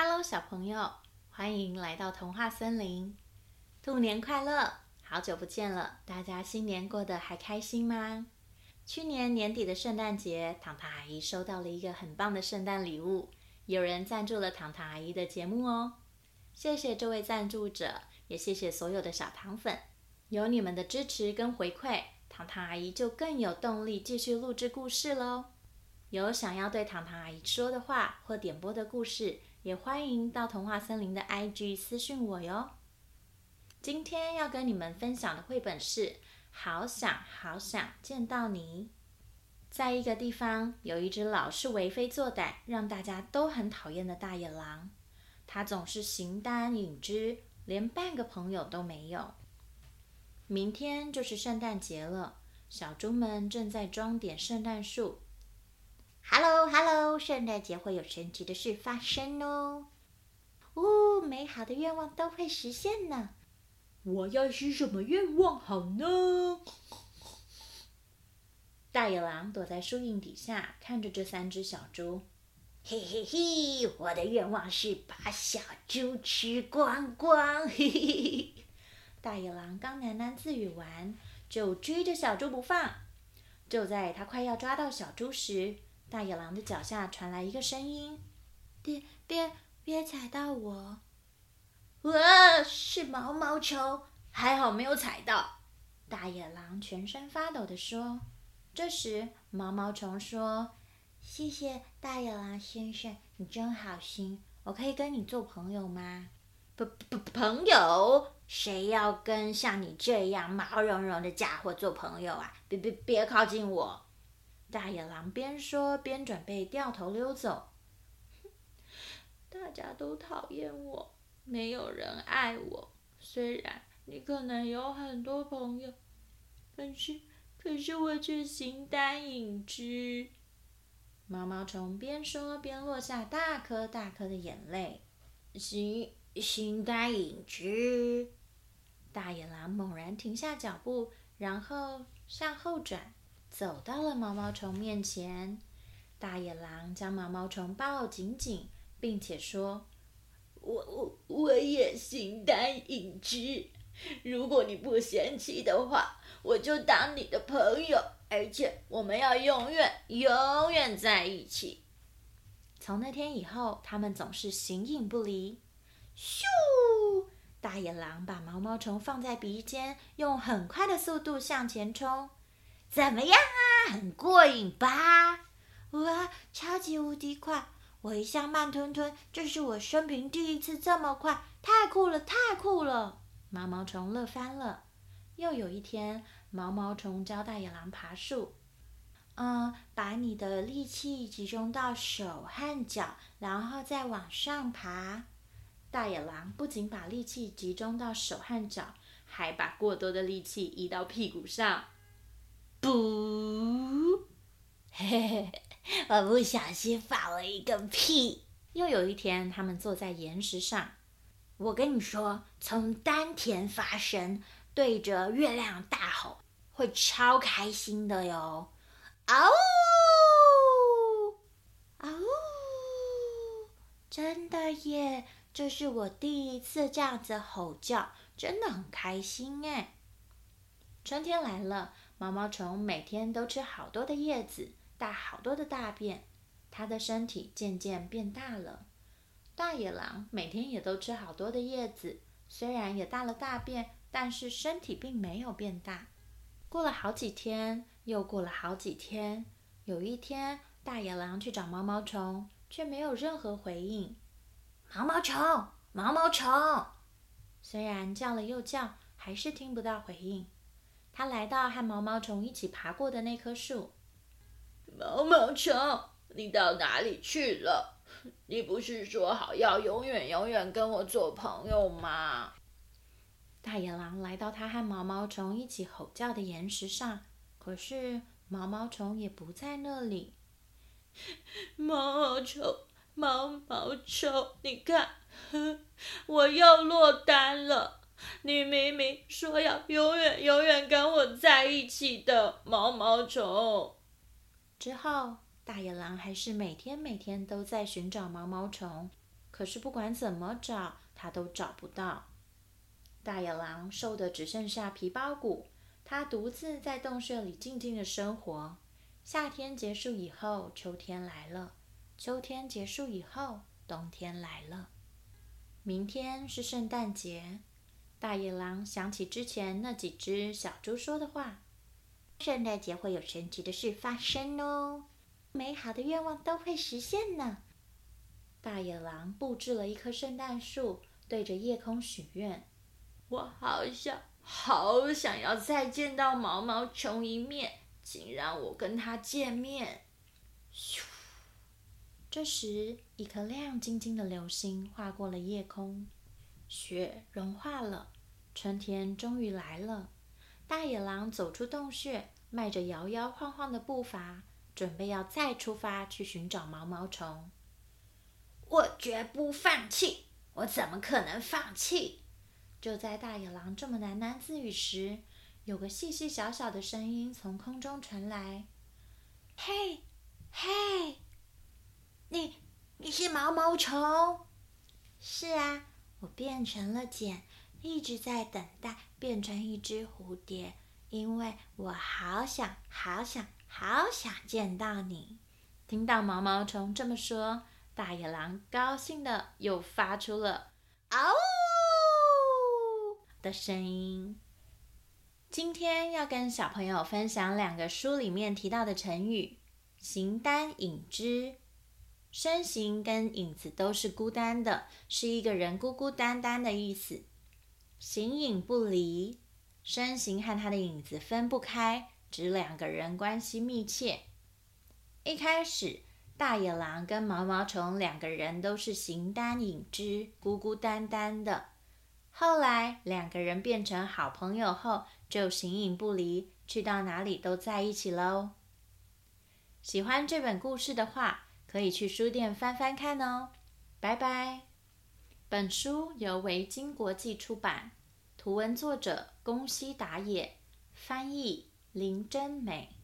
Hello，小朋友，歡迎來到童話森林！兔年快樂！好久不見了，大家新年過得還開心嗎？去年年底的聖誕節，糖糖阿姨收到了一個很棒的聖誕禮物，有人贊助了糖糖阿姨的節目哦！謝謝這位贊助者，也謝謝所有的小糖粉，有你們的支持跟回饋，糖糖阿姨就更有動力繼續錄製故事嘍！有想要對糖糖阿姨說的話或點播的故事，也歡迎到童話森林的 IG 私訊我喲。今天要跟你們分享的繪本是《好想好想見到你》。在一個地方，有一隻老是為非作歹，讓大家都很討厭的大野狼。它總是形單影只，連半個朋友都沒有。明天就是聖誕節了，小豬們正在裝點聖誕樹。Hello，Hello！聖誕節會有神奇的事發生哦。嗚、哦，美好的願望都會實現呢。我要許什麼願望好呢？大野狼躲在樹蔭底下，看着這三隻小豬。嘿嘿嘿，我的願望是把小豬吃光光。嘿嘿嘿，大野狼剛喃喃自語完，就追着小豬不放。就在他快要抓到小豬時，大野狼的腳下傳來一個聲音：“別別別踩到我！我是毛毛蟲，還好沒有踩到。”大野狼全身發抖地說。這時，毛毛蟲說：“謝謝大野狼先生，你真好心，我可以跟你做朋友嗎？”“不不不，朋友？誰要跟像你這樣毛茸茸的家夥做朋友啊？別別別靠近我！”大野狼邊說邊準備掉頭溜走。大家都討厭我，沒有人愛我。雖然你可能有很多朋友，但是，可是我卻形單影隻。毛毛蟲邊說邊落下大顆大顆的眼淚。形，形單影隻。大野狼猛然停下腳步，然後向後轉。走到了毛毛蟲面前，大野狼將毛毛蟲抱緊緊，並且說：“我我我也形單影隻，如果你不嫌棄的話，我就當你的朋友，而且我們要永遠永遠在一起。”從那天以後，他們總是形影不離。咻！大野狼把毛毛蟲放在鼻尖，用很快的速度向前衝。怎麼樣啊？很過癮吧？哇，超級無敵快！我一向慢吞吞，這是我生平第一次這麼快，太酷了，太酷了！毛毛蟲樂翻了。又有一天，毛毛蟲教大野狼爬樹。嗯，把你的力氣集中到手和腳，然後再往上爬。大野狼不僅把力氣集中到手和腳，還把過多的力氣移到屁股上。不，嘿嘿嘿，我不小心放了一個屁。又有一天，他們坐在岩石上，我跟你說，從丹田發聲，對着月亮大吼，會超開心的喲！嗷嗚嗷嗚，真的耶！這是我第一次這樣子吼叫，真的很開心耶。春天來了。毛毛蟲每天都吃好多的葉子，大好多的大便，它的身體漸漸變大了。大野狼每天也都吃好多的葉子，雖然也大了大便，但是身體並沒有變大。過了好幾天，又過了好幾天，有一天，大野狼去找毛毛蟲，卻沒有任何回應。毛毛蟲，毛毛蟲，雖然叫了又叫，還是聽不到回應。他來到和毛毛蟲一起爬過的那棵樹。毛毛蟲，你到哪裡去了？你不是說好要永遠永遠跟我做朋友嗎？大野狼來到他和毛毛蟲一起吼叫的岩石上，可是毛毛蟲也不在那裡。毛毛蟲，毛毛蟲，你看，我又落單了。你明明說要永遠永遠跟我在一起的毛毛蟲。之後，大野狼還是每天每天都在尋找毛毛蟲，可是不管怎麼找，它都找不到。大野狼瘦得只剩下皮包骨，它獨自在洞穴裡靜靜地生活。夏天結束以後，秋天來了；秋天結束以後，冬天來了。明天是聖誕節。大野狼想起之前那幾隻小豬說的話：“聖誕節會有神奇的事發生哦，美好的願望都會實現呢。”大野狼布置了一棵聖誕樹，對着夜空許願：“我好想，好想要再見到毛毛蟲一面，請讓我跟他見面。”咻！這時，一顆亮晶晶的流星劃過了夜空。雪融化了，春天終於來了。大野狼走出洞穴，邁着搖搖晃晃的步伐，準備要再出發去尋找毛毛蟲。我絕不放棄，我怎麼可能放棄？就在大野狼這麼喃喃自語時，有個細細小小的聲音從空中傳來：“嘿，嘿，你，你是毛毛蟲？是啊。”我變成了繭，一直在等待變成一隻蝴蝶，因為我好想、好想、好想見到你。聽到毛毛蟲這麼說，大野狼高興地又發出了“嗷嗚”的聲音。今天要跟小朋友分享兩個書裡面提到的成語：形單影隻。身形跟影子都是孤單的，是一個人孤孤單單的意思。形影不離，身形和他的影子分不開，指兩個人關係密切。一開始，大野狼跟毛毛蟲兩個人都是形單影只、孤孤單單的。後來，兩個人變成好朋友後，就形影不離，去到哪裡都在一起嘍。喜歡這本故事的話。可以去書店翻翻看哦，拜拜。本書由維京國際出版，圖文作者宮西達也，翻譯林真美。